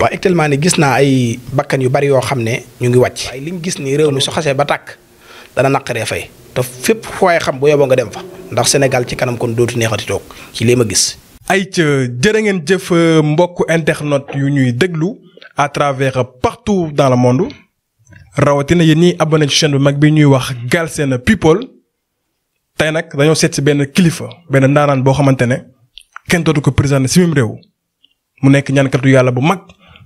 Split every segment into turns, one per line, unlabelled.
waaye actuellement ni gis naa ay bakkan yu bari yoo xam ne ñu ngi wàcc. waaye li ñu gis nii réew mi su xasee ba tàkk dana naqaree fay te fépp fooy xam bu yoboo nga dem fa ndax Sénégal ci kanam kon dootu neexati toog ci lii ma gis.
ay jër jërë ngeen jëf mbokk internet yu ñuy déglu à travers partout dans le monde rawatina yi nii abonné ci bu mag bi ñuy wax Galsen People tey nag dañoo seet si benn kilifa benn ndaanaan boo xamante ne kenn dootu ko présenté si réew mu nekk ñaankatu yàlla bu mag.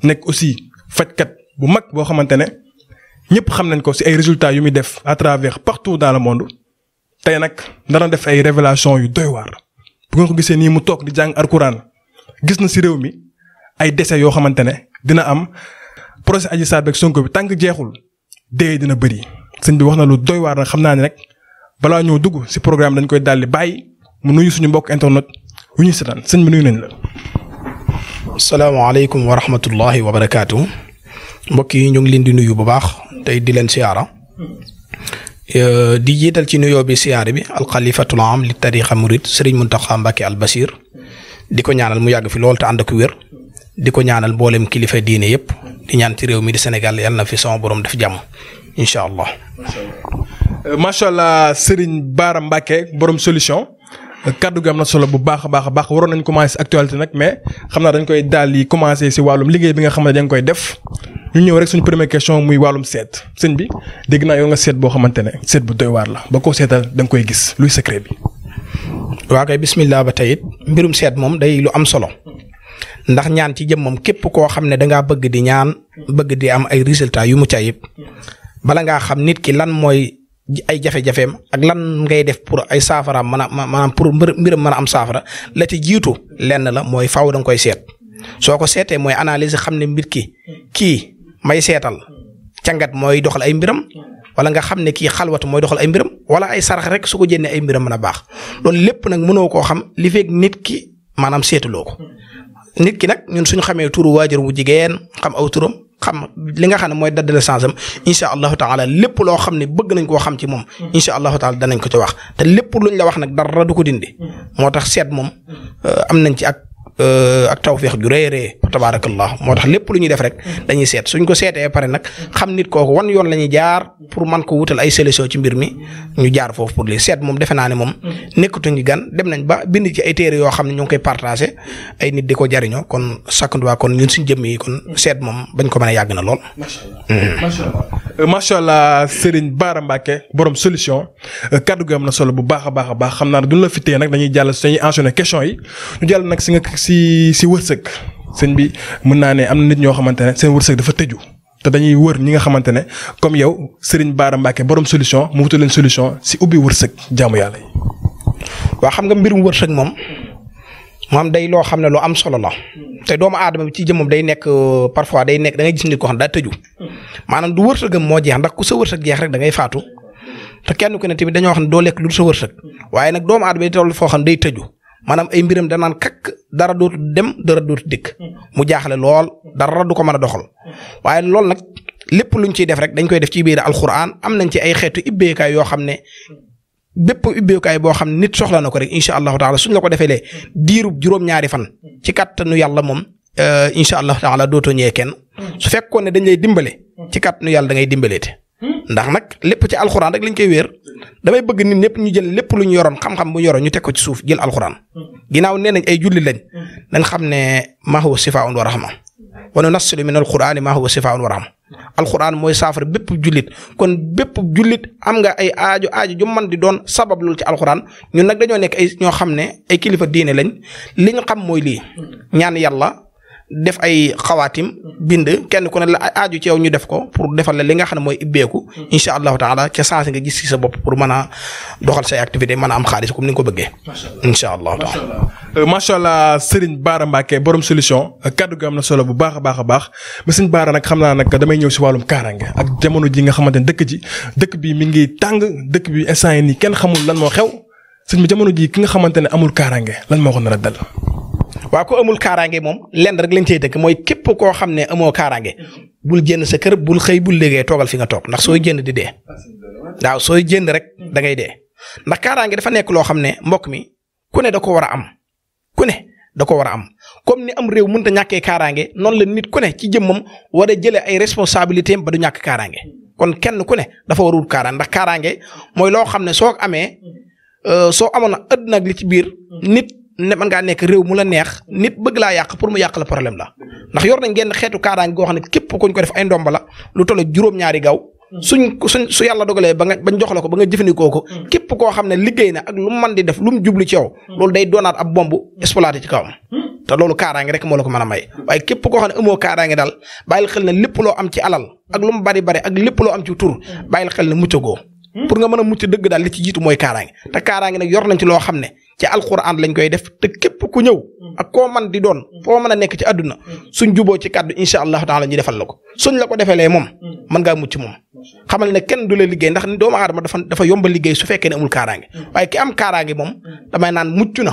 nek aussi fait bu mag boo xamante ne ñëpp ko ay résultats yu def à travers partout dans le monde tey nag dana def ay révélation yu doy waar bu ko gisee nii mu toog di jàng alxuraan gis na ci réew mi ay décès yoo xamante dina am procès aji Sonko bi tànk jeexul dee dina bëri sëñ bi wax na lu doy waar ñoo programme dañ koy bàyyi mu nuyu suñu internet السلام عليكم ورحمة
الله وبركاته مكي نيوغ لين دي نويو بو باخ تاي دي لين سيارة دي جيتال سي نويو بي سيارة بي الخليفة العام للتاريخ مريد سرين منتخى مباكي البصير دي كو نيانال مو ياغ في لول تا عندك وير دي كو نيانال بولم كليفة ديني يب دي نيان تي ريو مي دي سنغال يالنا في سون بروم دف جام ان شاء الله
ما شاء الله سرين بارم باكي بروم سوليسيون kaddu gi na solo bu baax a baax a baax waroon nañ commencé actualité nag mais xam naa dañ koy daal di commencé si wàllum liggéey bi nga xam ne dañ koy def ñu ñëw rek suñu première question muy wàllum seet sëñ bi dégg naa yow nga seet boo xamante ne seet bu doy waar la ba ko seetal danga nga koy gis luy secret bi. waa kay
bismillah ba tey mbirum seet moom day lu am solo ndax ñaan ci jëm moom képp koo xam ne da ngaa bëgg di ñaan bëgg di am ay résultats yu mucc ayib bala ngaa xam nit ki lan mooy ay jafe-jafeem ak lan ngay def pour ay saafaraam mën a maanaam pour mbiram mën a am saafara la ci jiitu lenn la mooy faw da nga koy seet soo ko seetee mooy analyse xam ne mbir ki kii may seetal cangat mooy doxal ay mbiram wala nga xam ne kii xalwatu mooy doxal ay mbiram wala ay sarax rek su ko jëndee ay mbiram mën a baax loolu lépp nag mënoo koo xam li nit ki maanaam seetuloo ko nit ki nag ñun suñu xamee turu waajur wu jigéen xam aw turam xam li nga xam ne mooy date de naissance am incha allahu taala lépp loo xam ne bëgg nañ koo xam ci moom incha allahu taala danañ ko ci wax te lépp luñ la wax nag dara du ko dindi moo tax seet moom am nañ ci ak Euh, ak tawféex ju rëy a rëy tabaarakallah moo tax lépp lu ñuy def rek dañuy seet suñ ko seetee pare nag xam nit kooku wan yoon la ñuy jaar pour man ko wutal ay solution ci mbir mi ñu jaar foofu pour lii seet moom defe naa ne moom nekkatuñu gan dem nañ ba bind ci ay téere yoo xam ne ñu ngi koy partagé nit di ko jariñoo kon sakkanduwaa kon ñun suñ jëmm yi
seet moom bañ ko mën a yàgg na lool macha allah Serigne Bara Mbacke borom solution kaddu gi am na solo bu baax a baax a baax xam naa duñ la fi téye nag dañuy jàll dañuy enchaîner question yi ñu si si wërsëg sëñ bi mën naa ne am na nit ñoo xamante ne seen wërsëg dafa tëju te dañuy wër ñi nga xamante ne comme yow Serigne Bara Mbacke borom solution mu wutu leen solution si ubbi wërsëg jaamu yàlla yi. waa xam nga mbirum wërsëg
moom moom day loo xam ne lu am solo la te doomu aadama bi ci jëmmam day nekk euh, parfois day nekk da ngay gis nit koo xam daa tëju maanaam du wërsëgam moo jeex ndax ku sa wërsëg jeex rek da ngay faatu te kenn ku ne tamit dañoo wax ne doo lekk lu sa wërsëg waaye nag doomu aadama day toll foo xam day tëju maanaam ay mbiram danaan kakk dara dootu dem dara dootu dikk mu jaaxle lool dara du ko mën a doxal waaye loolu nag lépp luñ ciy def rek dañ koy def ci biir alxuraan am nañ ci ay xeetu ibbeekaay yoo xam ne bépp ubbeekaay boo xam nit soxla na ko rek incha allahu taala suñ la ko defee lee diirub juróom-ñaari fan ci kàttanu yàlla moom euh, incha allahu taala dootoo ñëwee kenn su fekkoon ne dañ lay dimbale ci kàttanu yàlla da ngay te ndax nag lépp ci alxuraan rek lañ koy wéer damay bëgg nit ñëpp ñu jël lépp lu ñu yoroon xam-xam bu ñu yoroon ñu teg ko ci suuf jël alxuraan ginnaaw nee nañ ay julli lañ nañ xam ne maa huwa sifaa'un wa rahma wa nunazzilu min alxuraani maa huwa sifaa'un wa rahma alxuraan mooy saafara bépp jullit kon bépp jullit am nga ay aajo aajo ju man di doon sabab loolu ci alxuraan ñu nag dañoo nekk ay ñoo xam ne ay kilifa diine lañ li ñu xam mooy lii ñaan yàlla def ay xawaatim bind kenn ku ne la aaju ci yow ñu def ko pour defal la li nga xam ne mooy ibbeeku incha allahu taala ca sens nga gis ci sa bopp pour man a doxal say activité man a am xaalis comme ni nga ko bëggee incha
allahu taala macha euh, allah Serigne Bara Mbacke borom solution kaddu gi am na solo bu baax a baax a baax mais Serigne Bara nag xam naa nag damay ñëw si wàllum kaaraange ak jamono ji nga xamante ne dëkk ji dëkk bi mi ngi tàng dëkk bi instant nii kenn xamul lan moo xew sëñ jamono ji ki nga xamante ne amul kaaraange lan moo ko nar a
waaw ko amul kaaraange moom lend rek lañ cey dëkk mooy képp koo xam ne amoo kaaraange bul génn sa kër bul xëy bul liggéey toogal fi nga toog ndax sooy génn di dee waaw sooy génn rek da ngay dee ndax kaaraange dafa nekk loo xam ne mbokk mi ku ne da ko war a am ku ne da ko war a am comme ni am réew mënta ñàkkee kaaraange noonu la nit ku ne ci jëmmam war a jëlee ay responsabilités ba du ñàkk kaaraange kon kenn ku ne dafa war a wut kaaraange ndax kaaraange mooy loo xam ne soo amee euh, soo amoon àddina ak li ci biir nit. ne mën ngaa nekk réew mu la neex nit bëgg laa yàq pour mu yàq la problème la ndax yor nañ genn xeetu kaaraange goo xam ne képp kuñ ko def ay ndomba la lu toll juróom-ñaari gaw jox la ko ba nga jëfandikoo ko mm. képp koo xam ne liggéey na ak lu mu mën di def lu mu jublu ci yow mm. loolu day doonaat ab bomb mm. exploité ci kawam te loolu kaaraange rek moo ko mën a may waaye képp koo xam ne amoo kaaraange daal bàyyil xel ne lépp loo am ci alal ak lu mu bari bari ak lépp loo am ci tur bàyyil xel ne muccagoo pour nga mën a mucc dëgg daal ci jiitu mooy kaaraange te kaaraange nag yor loo xam ne ci alxuraan lañ koy def te képp ku ñëw ak koo man di doon foo mën a nekk ci àdduna suñ juboo ci kàddu incha allahu taala ñu defal la ko suñ la ko defalee moom mën ngaa mucc moom xamal ne kenn du la liggéey ndax ni doomu adama dafa dafa yomba liggéey su fekkee ne amul kaaraange waaye ki am kaaraange moom damay naan mucc na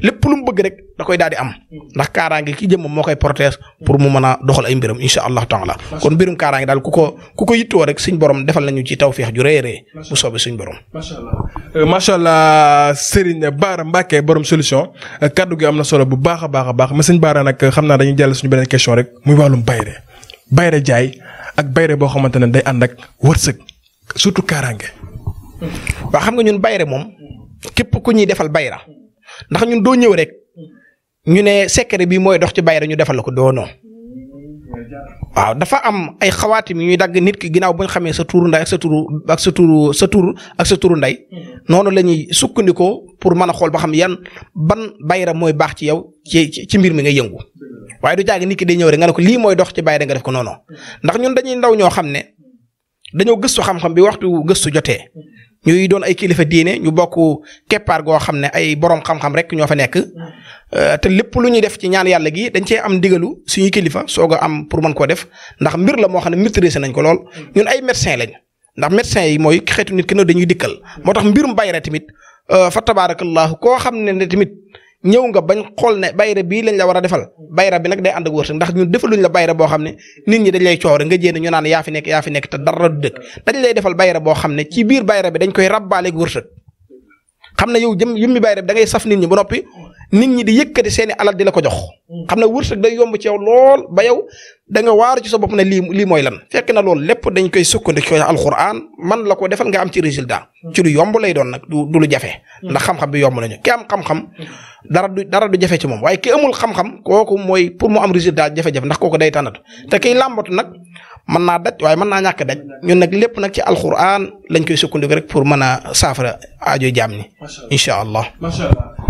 lépp lu mu bëgg rek da koy daal di am ndax kaaraange ki jëm moo koy protège pour mu mën a doxal ay mbiram insha allahu taala kon mbirum kaaraange daal ku ko ku ko yittoo rek suñ borom defal nañu ci feex ju rëy rëy bu soobee suñ borom.
macha allah euh, macha allah Serigne Bara Mbacke borom solution euh, kaddu gi am na solo bu baax a baax a baax mais sëñ Bara nag xam naa dañuy jàll suñu beneen question rek muy wàllum bayre bayre jaay ak bayre boo xamante ne day ànd ak wërsëg surtout kaaraange. xam nga ñun bayre moom képp ku ñuy defal bayra
ndax ñun doo ñëw rek ñu ne secret bi mooy dox ci bayra ñu defal la ko doonoo waaw dafa am ay xawaatim yu ñuy dagg nit ki ginnaaw bu ñu xamee sa turu nday ak sa turu ak sa tuur sa tur ak nday noonu lañuy ñuy sukkandikoo pour mën a xool ba xam yan ban bayra mooy baax ci yow ci ci mbir mi ngay yëngu waaye du jaag nit ki day ñëw rek nga ne ko lii mooy dox ci bayra nga def ko noono ndax ñun dañuy ndaw ñoo xam ne dañoo gëstu xam-xam bi waxtu gëstu jotee ñuy doon ay kilifa diine ñu bokk keppaar goo xam ne ay borom xam-xam rek ñoo fa nekk euh, te lépp lu ñuy def ci ñaan yàlla gi dañ cee am ndigalu suñuy kilifa soog am pour mën koo def ndax mbir la moo xam ne maîtrisé nañ ko lool ñun ay médecin lañ ndax médecin yi mooy xeetu nit ki ne dañuy dikkal moo tax mbirum bayra tamit euh, fa tabaarakallaahu koo xam ne ne tamit ñëw nga bañ xool ne bayra bii lañ la war a defal bayra bi nag day ànd ak wërsëg ndax ñun defaluñ la bayra boo xam ne nit ñi dañ lay coow rek nga jéem ñu naan yaa fi nekk yaa nekk te dara du dëkk dañ lay defal bayra boo xam ne ci biir bayra bi dañ koy rabbaaleeg wërsëg xam ne yow jëm yëmmi bayra bi da ngay saf nit ñi ba noppi nit ñi di yëkkati seeni alal di la ko jox xam ne wërsëg day yomb ci yow lool ba yow da waaru ci sa bopp ne lii lii mooy lan fekk na loolu lépp dañ koy sukkandiku ci alxuraan man la ko defal nga am ci résultat ci yomb lay doon nag du lu ndax xam bi yomb nañu ki am xam-xam dara du dara du jafe ci moom waaye ki amul xam-xam kooku mooy pour mu am résultat jafe-jafe ndax kooku day tànnatu te kiy làmbatu nag mën naa daj waaye mën naa ñàkk daj ñun nag lépp na ci alxuraan lañ koy sukkandiku rek pour mën
a saafara aajo jaam ni incha allah.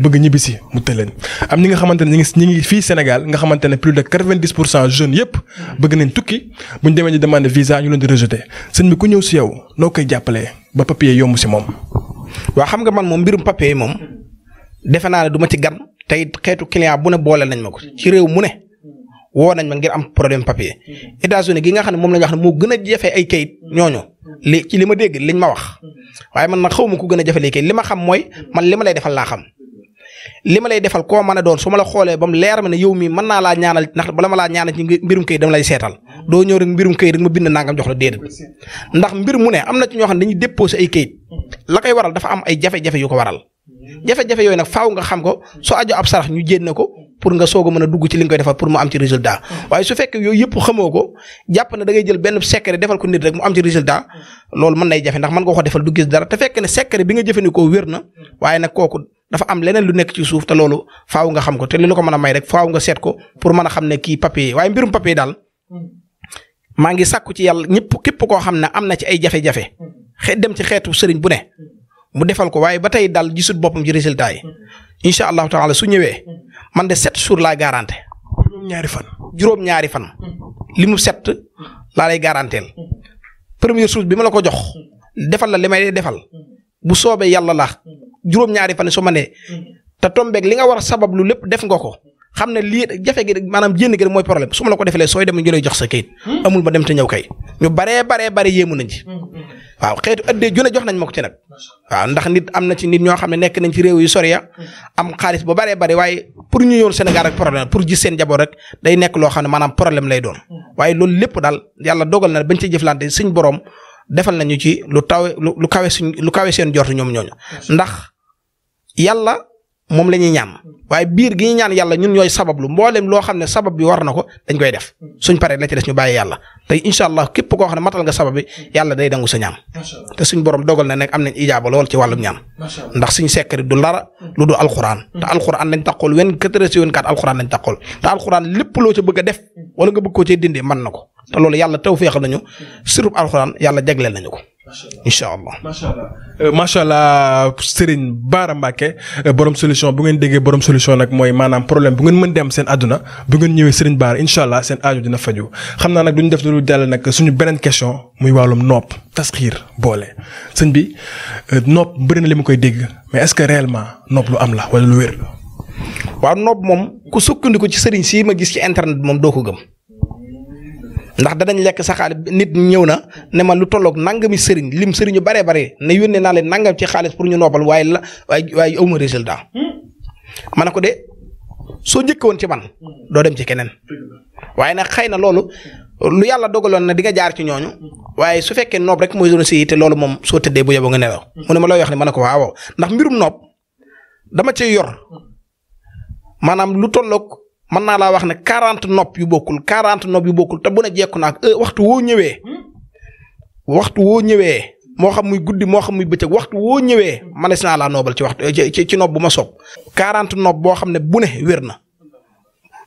bëgg ñibbisi mu tëleen am ñi nga xamante ne ñi ngi ñi ngi fii Sénégal nga xamante ne plus de quatre-vingt-dix pour cent jeunes yëpp bëgg nañ tukki bu demee di demande visa ñu leen di rejeté sëñ bi ñëw si yow noo koy jàppalee ba papier yomb si moom. waaw xam nga man moom mbirum papier moom defe naa ne du ci gan tey xeetu client bu
ne boole nañ ma ko ci réew mu ne woo nañ ma ngir am problème papier États-Unis gi nga xam ne moom la ñu wax ne moo gën a jafe ay kayit ñooñu li ci li ma dégg liñ ma wax waaye man nag xaw ma ku gën a jafe li kayit li ma xam mooy man li ma lay defal laa xam li ma lay defal koo mën a doon su ma la xoolee ba mu leer ma ne yow mii mën naa laa ñaanal ndax bala ma laa ñaanal ci mbirum këyit dama lay seetal doo ñëw rek mbirum këyit rek ma bind nangam jox la déedéet ndax mbir mu ne am na ci ñoo xam ne dañuy déposé ay kayit la kay waral dafa am ay jafe-jafe yu ko waral jafe-jafe yooyu nag faaw nga xam ko soo ajo ab sarax ñu jénne ko pour nga soog a mën a dugg ci li nga koy defal pour mu am ci résultat waaye su fekkee yooyu yëpp xamoo ko jàpp na da ngay jël benn secret defal ko nit rek mu am ci résultat loolu mën nay jafe ndax mën nga ko defal du gis dara te fekk ne secret bi nga jëfandikoo wér na waaye nag kooku dafa am leneen lu nekk ci suuf te loolu faaw nga xam ko te li la ko mën a may rek faaw nga seet ko pour mën a xam ne kii papier waaye mbirum papier daal maa ngi sàkku ci yàlla ñëpp képp koo xam ne am na ci ay jafe-jafe xe dem ci xeetu sëriñ bu ne mu defal ko waaye ba tey daal gisut boppam ci résultat yi incha allahu taala su ñëwee man de set jours laa garanter juróom-ñaari fan. juróom-ñaari fan. li mu sept laa lay garanteel. première chose bi ma la ko jox. defal la li may defal. bu soobee yàlla la juróom-ñaari fan su ma nee. te tombeeg li nga war a sabab lu lépp def nga ko. xam ne lii jafe gi maanaam jénn gi mooy problème su ma la ko defalee sooy dem ñu lay jox sa kayit hmm? amul ma dem te ñëw kay ñu baree baree bare yéemu nañ ci hmm, hmm, waaw xeetu ëddee ju ne jox nañ ma ko ci nag waaw ndax nit am na ci nit ñoo xam ne nekk nañ ci réew yu sori ya am xaalis bu baree bari waaye pour ñu ñëwoon Sénégal rek problème pour gis seen jaboot rek day nekk loo xam ne maanaam problème lay doon waaye loolu lépp daal yàlla dogal na bañ ci jëflante suñ borom defal nañu ci lu taw lu kawe suñ lu kawe seen jortu ñoom ñooñu ndax yàlla mom lañu ñaan waye biir gi ñu ñaan yalla ñun ñoy sabab lu mbollem lo xamne sabab bi war nako dañ koy def suñ paré la ci des ñu baye yalla tay inshallah allah ko xamne matal nga sabab bi yalla day dangu sa ñaan te suñ borom dogal na nek am nañ ijaaba lool ci wàllum ñaan ndax suñ secret du lara lu du alquran ta hmm. alquran lañ taqool wen quatre wen kat alquran lañ taqool ta alquran lepp lo ci bëgg def wala nga bëgg ko ci dindi man nako ta lolou yalla tawfiq nañu hmm. sirup alquran yalla jaglel nañu ko
incha allah macha allah euh, macha allah Serigne Bara Mbacke euh, borom solution bu ngeen déggee borom solution nag mooy maanaam problème bu ngeen mën dem seen àdduna bu ngeen ñëwee Serigne Bara incha allah seen aajo dina faju xam naa nag du ñu def lu jàll nag suñu beneen question muy wàllum nopp tasxiir boole sëñ bi euh, nopp bëri na li mu koy dégg mais est-ce que réellement nopp lu am la wala lu wér la. waaw nopp moom ku sukkandiku ci Serigne sii ma gis ci internet moom doo ko gëm. ndax danañ lekk sa
xaalis nit ñëw na ne ma lu tolloog nangami sëriñ lim sëriñ yu bare bare ne yónnee naa leen nangam ci xaalis pour ñu noppal waaye la waaye waaye awma résultat
hmm?
ma ne ko de soo njëkk woon ci man hmm. doo dem ci keneen waaye nag xëy na loolu lu yàlla dogaloon na di nga jaar ci ñooñu hmm. waaye su fekkee noob rek mooy doon si te loolu moom soo tëddee bu yeboo nga nelaw mu ma looy wax ne ma ne ko waaw ndax mbirum noob dama cay yor maanaam lu tollook mën naa laa wax ne quarante nopp yu bokkul quarante nopp yu bokkul te bu ne jekku naag euh, waxtu woo ñëwee hmm? waxtu woo ñëwee moo xam muy guddi moo xam muy bëccëg waxtu woo ñëwee manes naa laa noobal ci waxtu euh, ci ci nopp bu ma soob quarante nopp boo xam ne bu ne wér na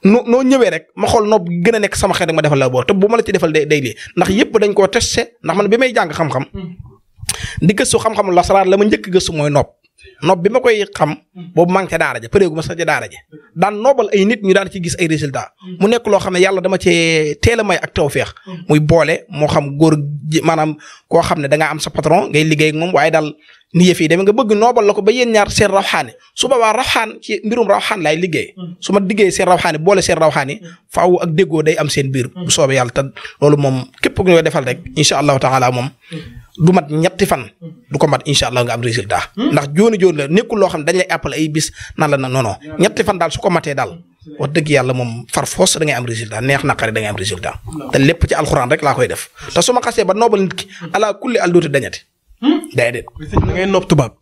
noo noo ñëwee rek ma xool nopp gën a nekk sama xel rek ma defal la boo te bu ma la ci defal day day lii ndax yëpp dañ koo testé ndax man bi may jàng xam-xam hmm. di gëstu xam-xam la ma njëkk gëstu mooy nopp nob bi ma koy xam hmm. boobu maa ngi ca daara ja pareegu ma sax ca daara ja daan noobal ay nit ñu daan ci gis ay résultat hmm. mu nekk loo xam ne yàlla dama cee teel a may ak tawféex hmm. muy boole moo xam góor ji maanaam koo xam ne da am sa patron ngay liggéey ak moom waaye daal ni yëf yi nga bëgg noobal la ko ba yéen ñaar seen rawxaane su boobaa rawxaan ci mbirum rawxaan laay liggéey su ma liggéey seen rawxaane boole seen rawxaane faaw ak déggoo day am seen biir bu soobee yàlla te moom képp ku ñu koy defal rek incha allahu taala moom du mat ñetti fan du ko mat incha allah nga am résultat hmm? ndax jooni jooni la nekkul loo xam ne dañ lay appelé ay bis nan la na noonoo ñetti fan daal su ko matee daal hmm, wax dëgg yàlla moom far foos da ngay am résultat neex na da ngay am résultat te lépp ci alxuraan rek laa koy def te su ma xasee ba noobal nit ki ala kulli al dootu dañati day déet da tubaab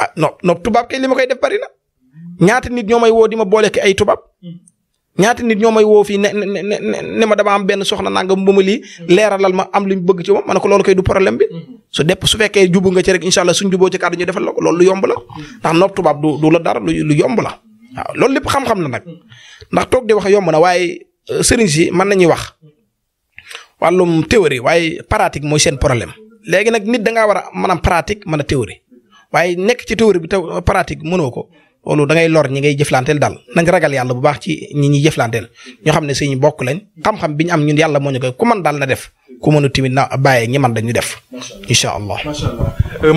ah nopp nopp tubaab kay li ma koy def bari ñaata nit ñoo may woo di ma boole ki ay tubaab hmm. ñaata nit ñoo may woo fii ne ne ne ne ma dama am benn soxna nangam ba ma lii mm-hmm. leeralal ma am lu ñu bëgg ci moom ma ne ko loolu kay du problème bi mm-hmm. su depp su fekkee jubu nga ci rek incha allah suñ juboo ci kàddu ñu defal la ko loolu lu yomb la mm-hmm. ndax nopp tubaab du du dara lu lu yomb la loolu lépp xam-xam na nag ndax toog di wax yomb na waaye euh, sëriñ si mën nañuy wax wàllum théorie waaye pratique mooy seen problème léegi nag nit da ngaa war a mën pratique mën a théorie waaye nekk ci théorie bi te pratique mënoo ko loolu da ngay lor ñi ngay jëflanteel daal nañ ragal yàlla bu baax ci ñi ñuy jëflanteel ñoo xam ne suñu bokk lañ xam-xam bi ñu am ñun yàlla moo ñu koy ku man daal na def ku mënu timit na bàyyee ñi man dañu
def incha allah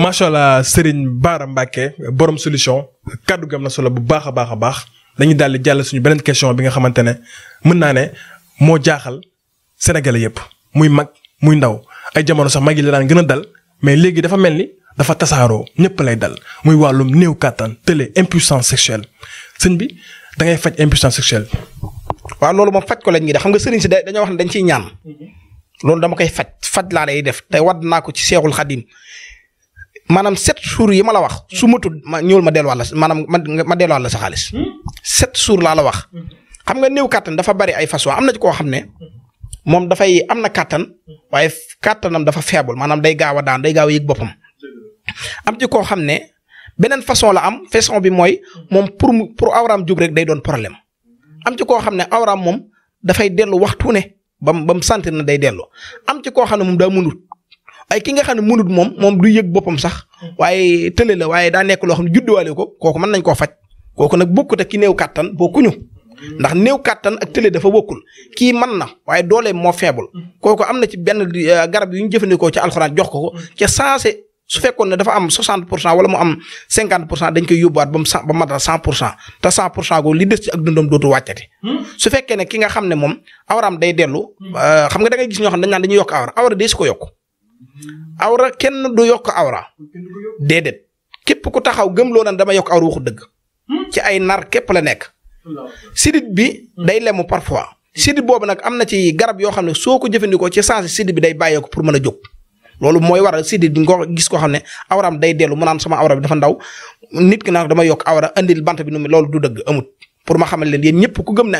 macha allah euh, Serigne Bara Mbacke borom solution kaddu gam na solo bu baax a baax a baax dañuy daal di jàll suñu beneen question bi nga xamante ne mën naa ne moo jaaxal sénégalais yëpp muy mag muy ndaw ay jamono sax mag yi la gën a dal mais dafa tasaaroo ñëpp lay dal muy wàllum néew kàttan tële impuissance sexuelle sëñ bi da ngay faj impuissance sexuelle. waaw loolu moom faj ko lañ ngi def xam nga sëriñ si dañoo wax ne dañ ciy ñaan loolu
dama koy faj faj laa lay def te wadd naa ko ci seexul xadim maanaam sept jours yi ma la wax su ma tudd ma ñëwul ma delluwaat la maanaam ma delluwaat la sa xaalis sept jours laa la wax xam nga néew kàttan dafa bari ay façon am na koo xam ne moom dafay am na kàttan waaye kàttanam dafa faible maanaam day gaaw a daan day gaaw a yëg boppam. am ci koo xam ne beneen façon la am façon bi mooy moom pour mu pour awraam jub rek day doon problème am ci koo xam ne awraam moom dafay dellu waxtu ne ba mu ba mu sentir ne day dellu am ci koo xam ne moom daa mënut ay ki nga xam ne mënut moom moom du yëg boppam sax waaye tële la waaye daa nekk loo xam ne judduwaale ko kooku mën nañ ko faj kooku nag bokkut ak ki néew kàttan bokkuñu ndax néew kàttan ak tële dafa bokkul kii mën na waaye doole moo faible kooku am na ci benn eh, garab yu jëfandikoo ci alxuraan jox ko ko ca su fekkoon ne dafa am 60 wala mu am 50 dañ koy yóbbuwaat bam ba madra 100 ta 100 go li dess ci ak dundum dootu waccati hmm? su fekke ne ki nga xamne mom awram day delu euh, xam nga da ngay gis ñoo xam dañ nan dañuy yok awra awra dee ko yok awra kenn du yok awra. dedet kep ku taxaw gem lo nan dama yok awra waxu deug hmm? ci ay nar kep la nek sidit bi hmm. day lemu parfois. sidit bobu nak amna ci garab yo xamne soko soo ci sens sidit bi day bayeko pour mën a loolu mooy waral sidi di nga gis ko xam ne awraam day dellu mu a sama awra bi dafa ndaw nit ki nag dama yokk awra andil bant bi nu mu loolu du dëgg amut pour ma xamal leen yéen ñëpp ku gëm ne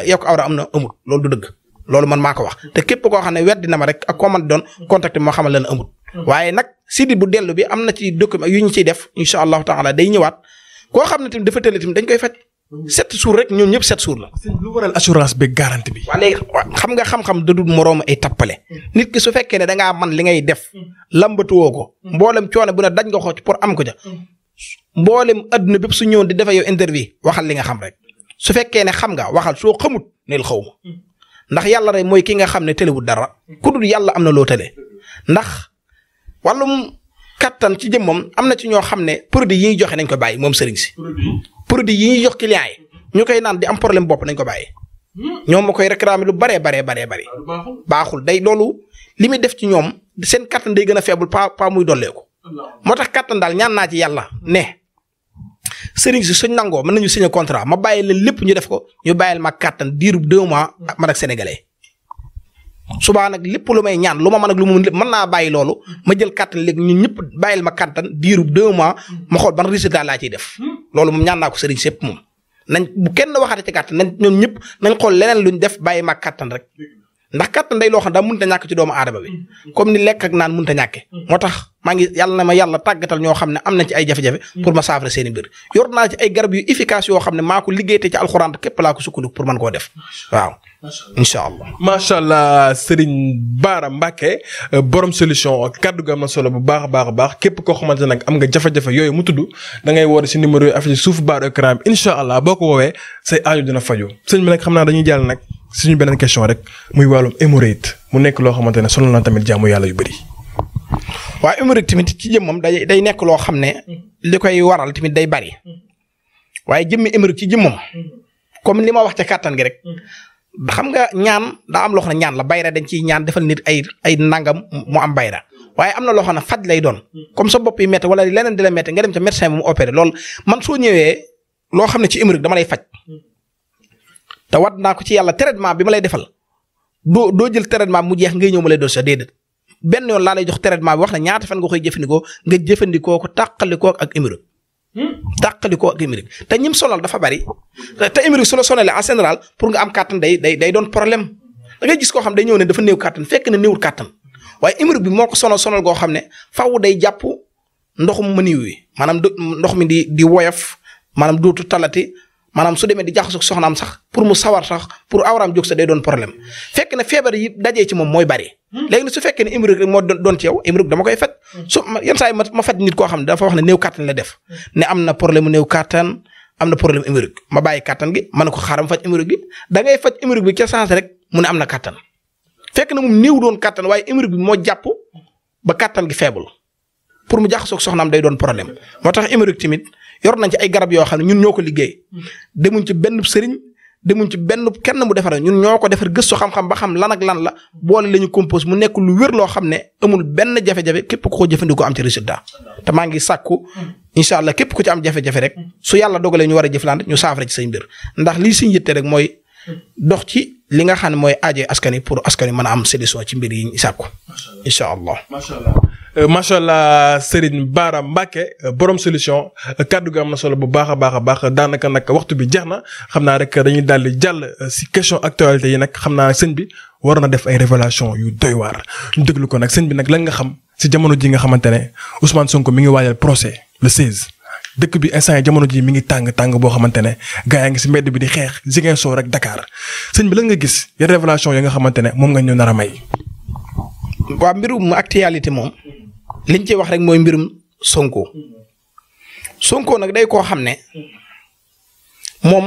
na amut loolu du dëgg loolu man maa ko wax te képp koo xam ne weddi na ma rek ak koo man doon contacté ma xamal leen amut waaye nag sidi bu dellu bi am na ci dëkk yu ñu ciy def incha allahu taala day ñëwaat koo xam ne tamit dafa tële tamit dañ koy faj sept jours rek ñoom ñëpp sept jours la.
lu waral assurance bi garantie
bi. waa léegi xam nga xam-xam da moroom ay tappale. nit ki su fekkee ne da man li ngay def. lambatuwoo ko. mboolem coono bu ne daj nga ko pour am ko ja. mboolem adduna bépp su ñëwoon di defee yow interview waxal li nga xam rek. su fekkee ne xam nga waxal soo xamut neel xaw ma ndax yàlla rek mooy ki nga xam ne tëlewul dara ku dul yàlla am na loo tële ndax wàllum kattan ci jëmmam am na ci ñoo xam ne produit yi ñuy joxe nañ ko bàyyi moom sëriñ si. produit yi ñuy jox client ñu koy naan di am problème bopp nañ ko bàyyi. ñoom ma koy réclamer lu baree baree baree baree. Ah, baaxul day loolu li muy def ci ñoom seen kattan day gën a faible pa pa muy dolleeku. moo tax kattan daal ñaan naa ci yàlla ne sëriñ si suñ nangoo mën nañu signé contrat ma bàyyi leen lépp ñu def ko ñu bàyyil ma kattan diiru deux mois ak man ak sénégalais. subaa nag lépp lu may ñaan lu ma mën ak lu mu mën naa bàyyi loolu ma jël kattan léegi ñun ñëpp bàyyil ma kattan diiru deux ma xool ban résultat laa ciy def. Hmm. loolu moom ñaan naa ko sëriñ sépp moom nañ bu kenn waxate ci kàttan nañ ñoom ñëpp nañ xool leneen luñ def bàyyi maag kàttan rek ndax kàttan day loo xam mun mënut a ñàkk ci doomu aadama bi mm-hmm. comme ni lekk ak naan mun a ñàkke moo tax maa ngi yàlla na ma yàlla tàggatal ñoo xam ne am na ci ay jafe-jafe pour ma saafara seeni i mbir yor naa ci ay garab yu efficace yoo xam ne maa ko liggéey te ci alxuraan képp laa ko sukkandiku pour mën koo def waaw incha allah
macha allah Serigne Bara euh, borom solution kaddu gi am na solo bu baax a baax a baax képp koo xamante nag am nga jafe-jafe yooyu mu tudd da ngay woote si numéro yi affiché suuf baaru écran bi incha allah boo ko woowee say aajo dina faju sëñ bi nag xam naa dañuy jàll nag suñu beneen question rek muy wàllum hémorroïde mu nekk loo xamante ne solo na tamit jaamu yàlla yu bëri.
waaye hémorroïde timit ci jëmmam day day nekk loo xam ne mm-hmm. li koy waral tamit day bari mm-hmm. waaye jëmmi hémorroïde ci jëmmam mm-hmm. comme li ma wax ca kàttan gi rek xam nga ñaan daa am loxo xam ñaan la bayra dañ ciy ñaan defal nit ay ay nangam mu am bayra waaye am na loxo na ne faj lay doon comme sa bopp yi métti wala leneen di la métti nga dem ca médecin bi mu opéré loolu man soo ñëwee loo xam ne ci hémorroïde dama lay faj te wat naa ko ci yàlla traitement bi ma lay defal doo doo jël traitement mu jeex ngay ñëw ma lay doon sa déedéet benn yoon laa lay jox traitement bi wax na ñaata fan nga koy jëfandikoo nga jëfandikoo ko tàqalikoo ak émiraux. Hmm? tàqalikoo ak émiraux te ñim sonal dafa bari te émiraux su la a en général pour nga am kattan day day day doon problème da ngay gis koo xam day ñëw ne dafa new kàttan fekk na néewul kàttan waaye émiraux bi moo ko sonal sonal goo xam ne faaw day jàpp ndoxum mëniw wi maanaam ndox mi di di woyof maanaam dootu talati manam su demé di jaxasu soxnam sax pour mu sawar sax pour awram jox sa day don problème fekk na fièvre yi dajé ci mom moy bari hmm. légui su fekk ni imruk rek mo don ci yow imruk dama koy fat hmm. su yeen say ma fat nit ko xam dafa wax ne new carton la def hmm. ne amna problème new carton amna problème imruk ma bayyi carton gi man ko xaram fat imruk gi da ngay fat imruk bi ci sens rek mu ne amna carton fekk na mom new don carton waye imruk bi mo japp ba carton gi faible pour mu jaxasu soxnam day don problème motax imruk timit yor nañ ci ay garab yoo xam ne ñun ñoo ko liggéey hmm. demuñ ci benn sëriñ demuñ ci benn kenn mu defare ñun ñoo ko defar gëstu xam-xam ba xam lan ak lan la boole lañu compose mu nekk lu wér loo xam ne amul benn jafe-jafe képp ku ko jëfandikoo am ci résultat te maa ngi sàkku hmm. incha allah képp ku ci am jafe-jafe rek hmm. su yàlla dogalee ñu war a jëflante ñu saafara ci say mbir ndax lii suñu yitte rek mooy
dox ci li nga xam ne mooy ajee askan wi pour askan wi mën a am solution ci mbir yi ñu sàkku incha allah. Euh, macha Serigne Bara Mbacke euh, borom solution euh, kaddu gam na solo bu baax a baax danaka nak waxtu bi jeex xamna rek dañuy dal jall si question actualité yi nak xamna naa bi war def ay révélation yu doy war ñu déglu ko nak sëñ bi nak la nga xam si jamono ji nga xamantene Ousmane Sonko mi ngi waajal procès le 16. dëkk bi instant jamono ji mi ngi tàng tàng boo xamante ne gaa yaa ngi si mbedd bi di xeex Ziguinchor rek Dakar sëñ bi la nga gis yan révélation ya nga xamante ne moom nga ñu nar a may. waa mbirum actualité moom liñ ci wax rek mooy mbirum Sonko
Sonko nag day koo xam ne moom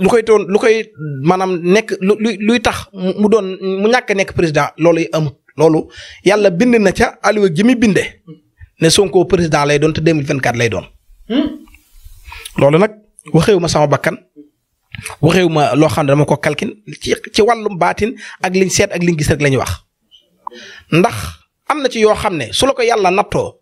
lu koy toon lu koy maanaam nekk lu luy tax mu doon mu ñàkk nekk président loolu yi loolu yàlla bind na ca aliwa ji mi binde ne Sonko président lay doon te 2024 lay doon hmm? loolu nag waxeewu ma sama bakkan waxeewu ma loo xam ne dama ko kalkin ci ci wàllum baatin ak liñ seet ak liñ gis rek la wax ndax am na ci yoo xam ne su la ko yàlla nattoo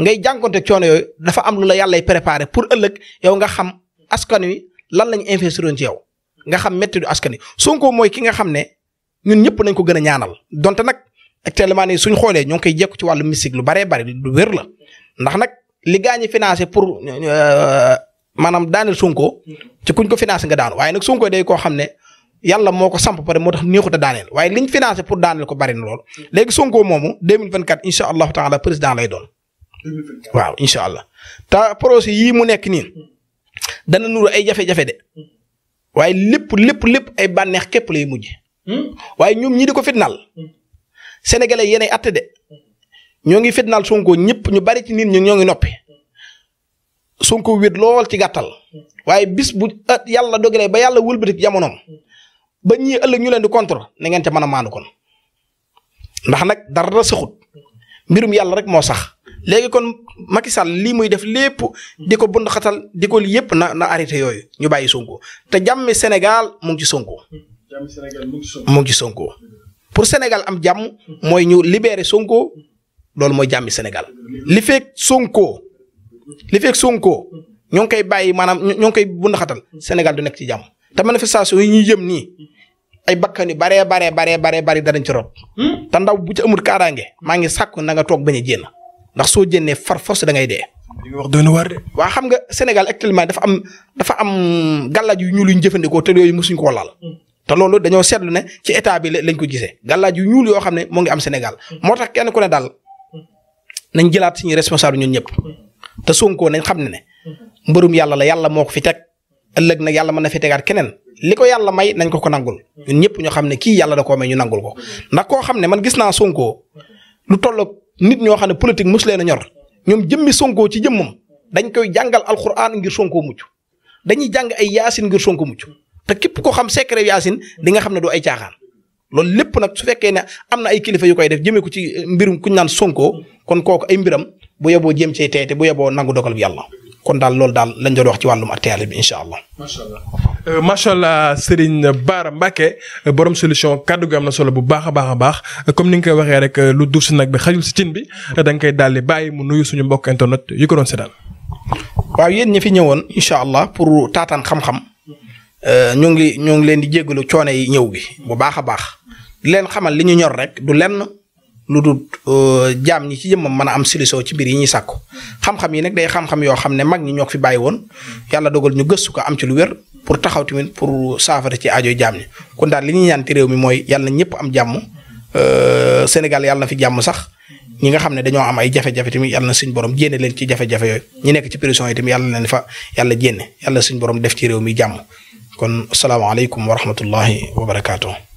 ngay jànkonte coono yooyu dafa am lu la yàllay préparé pour ëllëg yow nga xam askan wi lan lañ investir woon ci yow nga xam métti du askan wi Sonko mooy ki nga xam ne ñun ñëpp nañ ko gën a ñaanal donte nag actuellement nii suñ xoolee ñoo ngi koy jékku ci wàllu mystique lu baree bari lu wér la ndax nag li gaañi financé pour euh, maanaam daaneel sunko ci kuñ ko financé nga daanu waaye nag Sonko day koo xam ne. yalla moko samp pare motax neexuta daanel waye liñ financer pour daanel ko bari na lool léegi sonko momu 2024 insha Allah taala président lay doon waaw insha allah te projet yi mu nekk nii dana nuru ay jafé jafé de waye lepp lepp lepp ay banex kep lay mujj hmm? waye ñom ñi diko fitnal hmm. sénégalais yene atté dé hmm. ñongi fitnal sonko ñepp ñu bari ci nit ñu ñongi ngi sonko lool ci waye bis bu ah, Yalla dogalé ba yalla wëlbatik jamonom ba ñii ëllëg ñu leen di contre na ngeen ca mën a maandu kon ndax nag dara saxut mbirum yàlla rek moo sax léegi kon Macky Sall lii muy def lépp di ko bund xatal di ko yëpp na na arrêté yooyu ñu bàyyi sunko te jàmmi Sénégal mu ci Sonko.
jàmmi Sénégal mu ci Sonko mu ci
Sonko pour Sénégal am jàmm mooy ñu libérer sunko loolu mooy jàmmi Sénégal li fekk Sonko li fekk Sonko ñoo ngi koy bàyyi maanaam ñoo ngi koy bund xatal Sénégal du nekk ci jàmm. te manifestation yi ñuy jëm nii ay bakkan yu baree baree baree baree bari danañ ci rot. Hmm? te ndaw bu ci amul kaaraange maa ngi sàkku na nga toog bañ a jéem ndax soo jénnee far force da ngay dee. li nga wax de. waa xam nga Sénégal actuellement dafa am dafa am gàllaaj yu ñuul yu ñu jëfandikoo te yooyu mosuñ koo laal. Hmm. te loolu dañoo seetlu ne ci état bi lañ ko gisee gàllaaj yu ñuul yoo xam ne moo ngi am Sénégal hmm. moo tax kenn ku ne daal nañ jëlaat suñuy responsable ñun ñëpp te Sonko nañ xam ne ne mbërum yàlla la yàlla moo ko fi teg ëllëg nag yàlla mën na fi tegaat keneen li ko yàlla may nañ ko ko nangul ñun ñëpp ñu xam ne kii yàlla da koo may ñu nangul ko ndax koo xam ne man gis naa Sonko lu tollook nit ñoo xam ne politique mos leen a ñor ñoom jëmmi Sonko ci jëmmam dañ koy jàngal alxuraan ngir Sonko mucc dañuy jàng ay yaasin ngir Sonko mucc te képp ko xam secret yaasin di nga xam ne du ay caaxaan loolu lépp na su fekkee ne am na ay kilifa yu koy def jëmee ko ci mbirum kuñ naan Sonko kon kooku ay bu yeboo jéem cee teete bu yeboo nangu dogal bi yàlla kon daal loolu daal lañ doon wax ci wàllum ak teyaale bi incha allah.
macha allah euh, macha allah Serigne Bara Mbacke euh, borom solution kàddu gi am na solo bu baax a baax a baax euh, comme ni nga koy waxee rek lu duuf si nag bi xajul si cin bi da koy daal di bàyyi mu nuyu suñu mbokk internet yu ko doon si daal. waaw yéen ñi fi ñëwoon incha allah
pour taataan xam-xam ñu ngi ñu ngi leen di jégalu coono yi ñëw bi bu baax a baax leen xamal li ñu ñor rek du lenn. lu dul euh, jaam ñi ci jëmmam mën a am solution ci mbir yi ñuy sàkku xam-xam yi nag day xam-xam yoo xam ne mag ñi ñoo fi bàyyi woon yàlla dogal ñu gëstu ko am ci lu wér pour taxaw tamit pour saafara ci ajo jaam ñi kon daal li ñuy ñaan ci réew mi mooy yàlla ñëpp am jàmm euh, Sénégal yàlla fi jàmm sax ñi nga xam ne dañoo am ay jafe-jafe tamit yàlla na suñ borom jénne leen ci jafe-jafe yooyu ñi nekk ci prison yi tamit yàlla na leen fa yàlla jénne yàlla suñ borom def ci réew mi jàmm kon asalaamaaleykum wa rahmatullahi wa